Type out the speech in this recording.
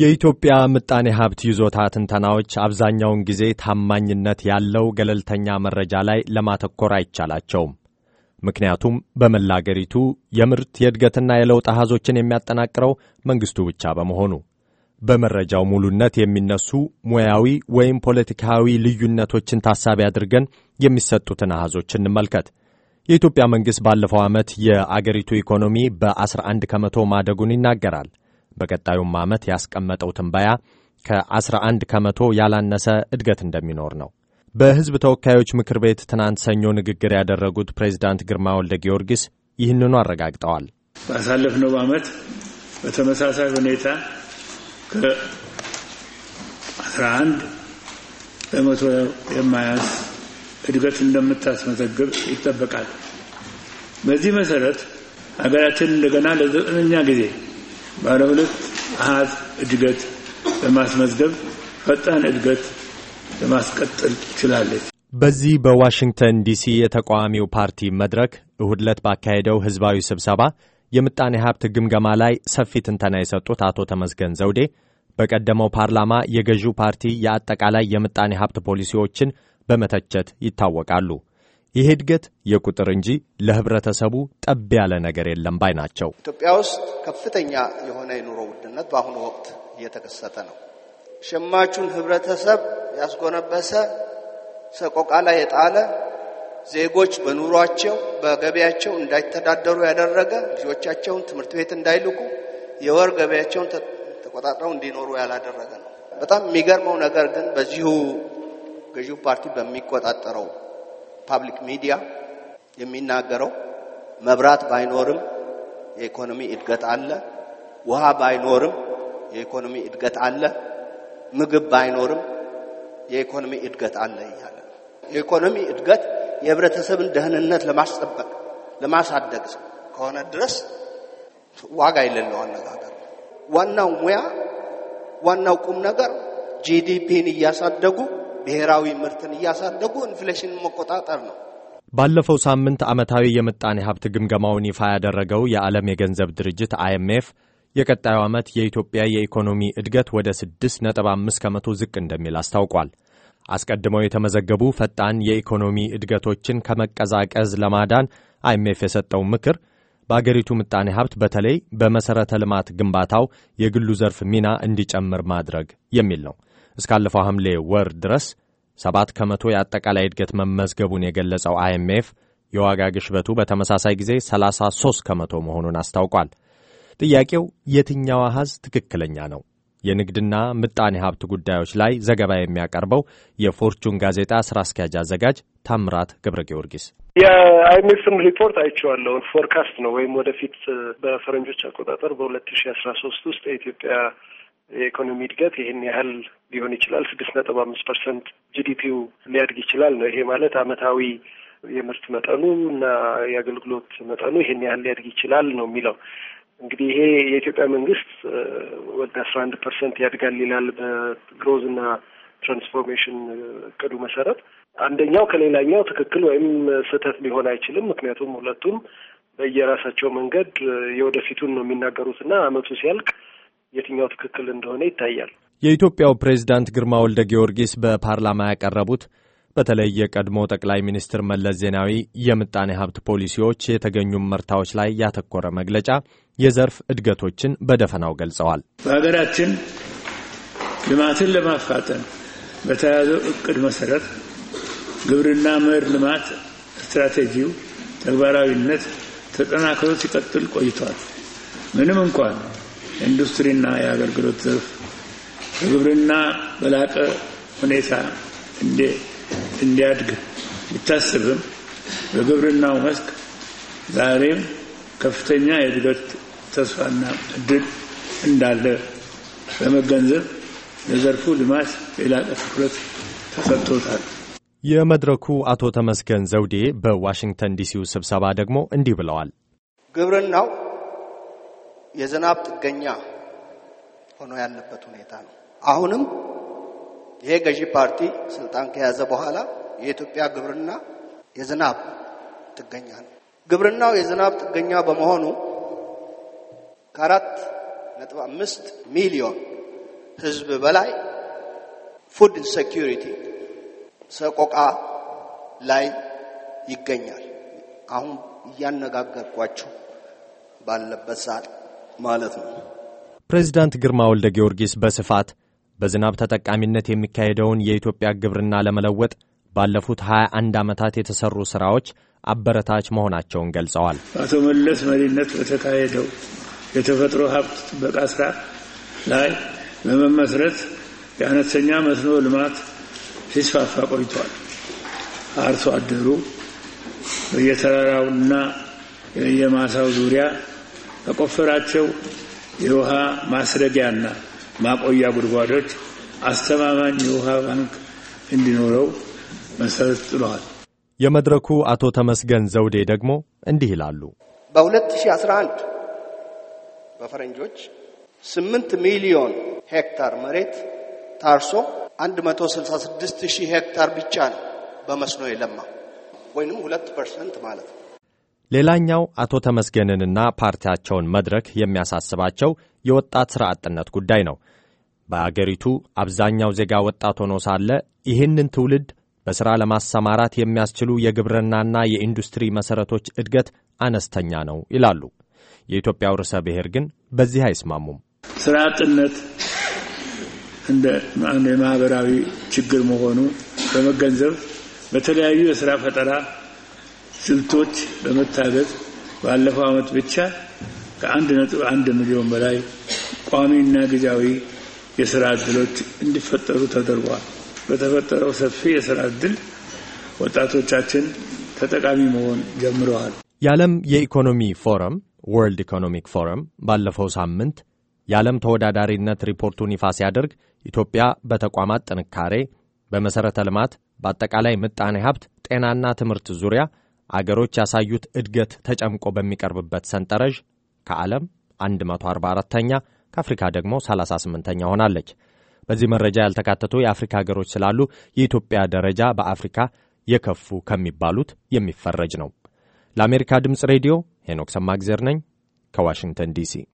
የኢትዮጵያ ምጣኔ ሀብት ይዞታ ትንተናዎች አብዛኛውን ጊዜ ታማኝነት ያለው ገለልተኛ መረጃ ላይ ለማተኮር አይቻላቸውም። ምክንያቱም በመላ አገሪቱ የምርት የእድገትና የለውጥ አሃዞችን የሚያጠናቅረው መንግሥቱ ብቻ በመሆኑ በመረጃው ሙሉነት የሚነሱ ሙያዊ ወይም ፖለቲካዊ ልዩነቶችን ታሳቢ አድርገን የሚሰጡትን አሃዞች እንመልከት። የኢትዮጵያ መንግሥት ባለፈው ዓመት የአገሪቱ ኢኮኖሚ በ11 ከመቶ ማደጉን ይናገራል። በቀጣዩም ዓመት ያስቀመጠው ትንበያ ከ11 ከመቶ ያላነሰ እድገት እንደሚኖር ነው። በሕዝብ ተወካዮች ምክር ቤት ትናንት ሰኞ ንግግር ያደረጉት ፕሬዚዳንት ግርማ ወልደ ጊዮርጊስ ይህንኑ አረጋግጠዋል። ባሳለፍነው ዓመት በተመሳሳይ ሁኔታ ከ11 በመቶ የማያንስ እድገት እንደምታስመዘግብ ይጠበቃል። በዚህ መሰረት ሀገራችን እንደገና ለዘጠነኛ ጊዜ ባለ ሁለት አሃዝ እድገት ለማስመዝገብ ፈጣን እድገት ለማስቀጠል ችላለች። በዚህ በዋሽንግተን ዲሲ የተቃዋሚው ፓርቲ መድረክ እሁድ ዕለት ባካሄደው ህዝባዊ ስብሰባ የምጣኔ ሀብት ግምገማ ላይ ሰፊ ትንተና የሰጡት አቶ ተመስገን ዘውዴ በቀደመው ፓርላማ የገዢው ፓርቲ የአጠቃላይ የምጣኔ ሀብት ፖሊሲዎችን በመተቸት ይታወቃሉ። ይህ እድገት የቁጥር እንጂ ለህብረተሰቡ ጠብ ያለ ነገር የለም ባይ ናቸው። ኢትዮጵያ ውስጥ ከፍተኛ የሆነ የኑሮ ውድነት በአሁኑ ወቅት እየተከሰተ ነው። ሸማቹን ህብረተሰብ ያስጎነበሰ ሰቆቃ ላይ የጣለ ዜጎች በኑሯቸው በገቢያቸው እንዳይተዳደሩ ያደረገ ልጆቻቸውን ትምህርት ቤት እንዳይልኩ የወር ገቢያቸውን ተቆጣጥረው እንዲኖሩ ያላደረገ ነው። በጣም የሚገርመው ነገር ግን በዚሁ ገዢው ፓርቲ በሚቆጣጠረው ፓብሊክ ሚዲያ የሚናገረው መብራት ባይኖርም የኢኮኖሚ እድገት አለ፣ ውሃ ባይኖርም የኢኮኖሚ እድገት አለ፣ ምግብ ባይኖርም የኢኮኖሚ እድገት አለ እያለ የኢኮኖሚ እድገት የህብረተሰብን ደህንነት ለማስጠበቅ ለማሳደግ ከሆነ ድረስ ዋጋ የሌለው አነጋገር። ዋናው ሙያ ዋናው ቁም ነገር ጂዲፒን እያሳደጉ ብሔራዊ ምርትን እያሳደጉ ኢንፍሌሽን መቆጣጠር ነው። ባለፈው ሳምንት ዓመታዊ የምጣኔ ሀብት ግምገማውን ይፋ ያደረገው የዓለም የገንዘብ ድርጅት አይኤምኤፍ የቀጣዩ ዓመት የኢትዮጵያ የኢኮኖሚ እድገት ወደ 6 ጥ5 ከመቶ ዝቅ እንደሚል አስታውቋል። አስቀድመው የተመዘገቡ ፈጣን የኢኮኖሚ እድገቶችን ከመቀዛቀዝ ለማዳን አይኤምኤፍ የሰጠው ምክር በአገሪቱ ምጣኔ ሀብት በተለይ በመሠረተ ልማት ግንባታው የግሉ ዘርፍ ሚና እንዲጨምር ማድረግ የሚል ነው። እስካለፈው ሐምሌ ወር ድረስ ሰባት ከመቶ የአጠቃላይ እድገት መመዝገቡን የገለጸው አይኤምኤፍ የዋጋ ግሽበቱ በተመሳሳይ ጊዜ 33 ከመቶ መሆኑን አስታውቋል። ጥያቄው የትኛው አሃዝ ትክክለኛ ነው? የንግድና ምጣኔ ሀብት ጉዳዮች ላይ ዘገባ የሚያቀርበው የፎርቹን ጋዜጣ ስራ አስኪያጅ አዘጋጅ ታምራት ገብረ ጊዮርጊስ የአይኤምኤፍን ሪፖርት አይቼዋለሁን ፎርካስት ነው ወይም ወደፊት በፈረንጆች አቆጣጠር በሁለት ሺ አስራ ሶስት ውስጥ የኢትዮጵያ የኢኮኖሚ እድገት ይህን ያህል ሊሆን ይችላል፣ ስድስት ነጥብ አምስት ፐርሰንት ጂዲፒው ሊያድግ ይችላል ነው። ይሄ ማለት አመታዊ የምርት መጠኑ እና የአገልግሎት መጠኑ ይህን ያህል ሊያድግ ይችላል ነው የሚለው። እንግዲህ ይሄ የኢትዮጵያ መንግስት ወደ አስራ አንድ ፐርሰንት ያድጋል ይላል በግሮዝ እና ትራንስፎርሜሽን እቅዱ መሰረት። አንደኛው ከሌላኛው ትክክል ወይም ስህተት ሊሆን አይችልም። ምክንያቱም ሁለቱም በየራሳቸው መንገድ የወደፊቱን ነው የሚናገሩት እና አመቱ ሲያልቅ የትኛው ትክክል እንደሆነ ይታያል። የኢትዮጵያው ፕሬዝዳንት ግርማ ወልደ ጊዮርጊስ በፓርላማ ያቀረቡት በተለይ የቀድሞ ጠቅላይ ሚኒስትር መለስ ዜናዊ የምጣኔ ሀብት ፖሊሲዎች የተገኙ ምርታዎች ላይ ያተኮረ መግለጫ የዘርፍ እድገቶችን በደፈናው ገልጸዋል። በሀገራችን ልማትን ለማፋጠን በተያያዘው እቅድ መሰረት ግብርና ምዕር ልማት ስትራቴጂው ተግባራዊነት ተጠናክሮ ሲቀጥል ቆይቷል። ምንም እንኳን የኢንዱስትሪና የአገልግሎት ዘርፍ በግብርና በላቀ ሁኔታ እንዲያድግ ቢታሰብም በግብርናው መስክ ዛሬም ከፍተኛ የእድገት ተስፋና እድል እንዳለ በመገንዘብ ለዘርፉ ልማት የላቀ ትኩረት ተሰጥቶታል። የመድረኩ አቶ ተመስገን ዘውዴ በዋሽንግተን ዲሲው ስብሰባ ደግሞ እንዲህ ብለዋል። ግብርናው የዝናብ ጥገኛ ሆኖ ያለበት ሁኔታ ነው። አሁንም ይሄ ገዢ ፓርቲ ስልጣን ከያዘ በኋላ የኢትዮጵያ ግብርና የዝናብ ጥገኛ ነው። ግብርናው የዝናብ ጥገኛ በመሆኑ ከአራት ነጥብ አምስት ሚሊዮን ህዝብ በላይ ፉድ ኢንሴኪሪቲ ሰቆቃ ላይ ይገኛል። አሁን እያነጋገርኳችሁ ባለበት ሰዓት ማለት ነው። ፕሬዚዳንት ግርማ ወልደ ጊዮርጊስ በስፋት በዝናብ ተጠቃሚነት የሚካሄደውን የኢትዮጵያ ግብርና ለመለወጥ ባለፉት 21 ዓመታት የተሰሩ ሥራዎች አበረታች መሆናቸውን ገልጸዋል። አቶ መለስ መሪነት በተካሄደው የተፈጥሮ ሀብት ጥበቃ ስራ ላይ በመመስረት የአነስተኛ መስኖ ልማት ሲስፋፋ ቆይቷል። አርሶ አደሩ በየተራራውና የየማሳው ዙሪያ ከቆፈራቸው የውሃ ማስረጊያና ማቆያ ጉድጓዶች አስተማማኝ የውሃ ባንክ እንዲኖረው መሰረት ጥለዋል። የመድረኩ አቶ ተመስገን ዘውዴ ደግሞ እንዲህ ይላሉ። በ2011 በፈረንጆች 8 ሚሊዮን ሄክታር መሬት ታርሶ 166 ሺህ ሄክታር ብቻ ነው በመስኖ የለማ ወይንም 2 ፐርሰንት ማለት ነው። ሌላኛው አቶ ተመስገንንና ፓርቲያቸውን መድረክ የሚያሳስባቸው የወጣት ሥራ አጥነት ጉዳይ ነው። በአገሪቱ አብዛኛው ዜጋ ወጣት ሆኖ ሳለ ይህንን ትውልድ በሥራ ለማሰማራት የሚያስችሉ የግብርናና የኢንዱስትሪ መሠረቶች እድገት አነስተኛ ነው ይላሉ። የኢትዮጵያው ርዕሰ ብሔር ግን በዚህ አይስማሙም። ሥራ አጥነት እንደ የማኅበራዊ ችግር መሆኑ በመገንዘብ በተለያዩ የሥራ ፈጠራ ስልቶች በመታገዝ ባለፈው ዓመት ብቻ ከአንድ ነጥብ አንድ ሚሊዮን በላይ ቋሚና ጊዜያዊ የስራ እድሎች እንዲፈጠሩ ተደርጓል። በተፈጠረው ሰፊ የስራ እድል ወጣቶቻችን ተጠቃሚ መሆን ጀምረዋል። የዓለም የኢኮኖሚ ፎረም ወርልድ ኢኮኖሚክ ፎረም ባለፈው ሳምንት የዓለም ተወዳዳሪነት ሪፖርቱን ይፋ ሲያደርግ ኢትዮጵያ በተቋማት ጥንካሬ፣ በመሠረተ ልማት፣ በአጠቃላይ ምጣኔ ሀብት፣ ጤናና ትምህርት ዙሪያ አገሮች ያሳዩት እድገት ተጨምቆ በሚቀርብበት ሰንጠረዥ ከዓለም 144ኛ ከአፍሪካ ደግሞ 38ኛ ሆናለች። በዚህ መረጃ ያልተካተቱ የአፍሪካ ሀገሮች ስላሉ የኢትዮጵያ ደረጃ በአፍሪካ የከፉ ከሚባሉት የሚፈረጅ ነው። ለአሜሪካ ድምፅ ሬዲዮ ሄኖክ ሰማግዜር ነኝ ከዋሽንግተን ዲሲ።